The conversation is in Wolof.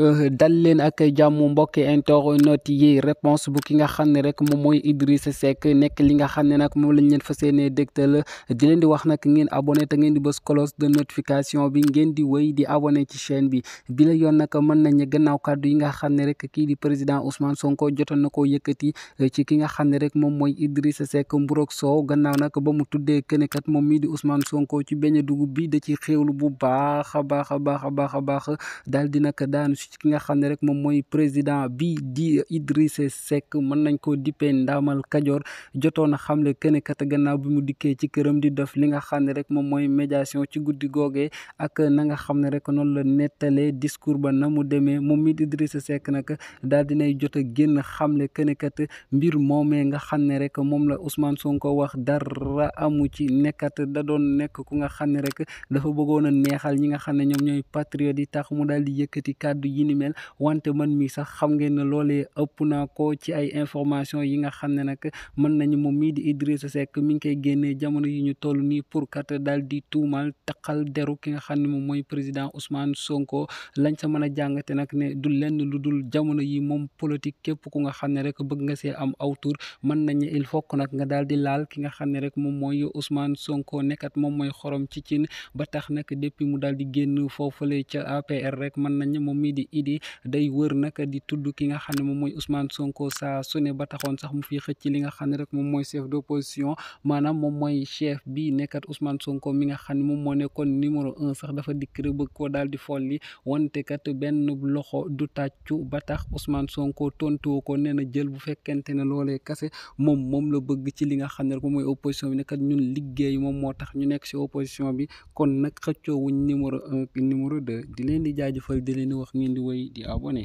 Euh, dal leen ak jàmm mbokk internautes yi réponse bu ki nga xam ne rek moom mooy Idrissa Seck nekk li nga xam ne nag moom lañ leen fas yéenee dégtal di leen di wax nag ngeen abonné te ngeen di bës cloche de notification bi ngeen di wéy di abonné ci chaîne bi bi la yoon nag mën nañu gannaaw kàddu yi nga xam ne rek kii di président Ousmane Sonko jotoon na koo yëkkati euh, ci ki nga xam ne rek moom mooy Idrissa Seck mburoog soow gannaaw nag ba mu tuddee kenekat moom mii di Ousmane Sonko ci beñ dugub bi da ci xéewlu bu baax a baax a baax a baax a baax daal di nag daanu ki nga xam ne rek moom mooy président bi di Idrissa Seck mën nañ koo dippee ndaamal Kajoor jotoon a xamle kenn kat gannaaw bi mu dikkee ci këram di def li nga xam ne rek moom mooy médiation ci guddi googee ak na nga xam ne rek noonu la nettalee discours ba na mu demee moom it Idrissa Seck nag daal dinay jot a génn xamle kenn kat mbir moomee nga xam ne rek moom la Ousmane Sonko wax dara amu ci nekkat da doon nekk ku nga xam ne rek dafa bëggoon a neexal ñi nga xam ne ñoom ñooy patriote yi tax mu daal di yëkkati kàddu yi yi ni mel wante man mii sax xam ngeen ne loolee ëpp naa ko ci ay information yi nga xam ne nag mën nañu moom mii di Idrissa Seck mi ngi koy génnee jamono yi ñu toll nii pour kat daal di tuumal taqal deru ki nga xam ne moom mooy président Ousmane Sonko lañ sa mën a jàngate nag ne du lenn lu dul jamono yi moom politique képp ku nga xam ne rek bëgg nga see am aw tur mën nañu il faut que nag nga daal di laal ki nga xam ne rek moom mooy Ousmane Sonko nekkat moom mooy xorom ci di Idi day wër nag di tudd ki nga xam ne moom mooy Ousmane Sonko saa su ne ba taxoon sax mu fiy xëcc li nga xam ne rek moom mooy chef d'opposition maanaam moom mooy chef bi nekkat Ousmane Sonko mi nga xam ne moom moo nekkoon numéro un sax dafa dikk rek bëgg koo daal di folli wante kat benn loxo du tàccu ba tax Ousmane Sonko tontu ko nee na jël bu fekkente ne loolee kase moom moom la bëgg ci li nga xam ne moom mooy opposition bi liggéey moom moo tax ñu nekk si opposition bi kon nag xëccoowuñ numéro un numéro deux di leen di jaajëfal di leen di wax ni indi woy di a abone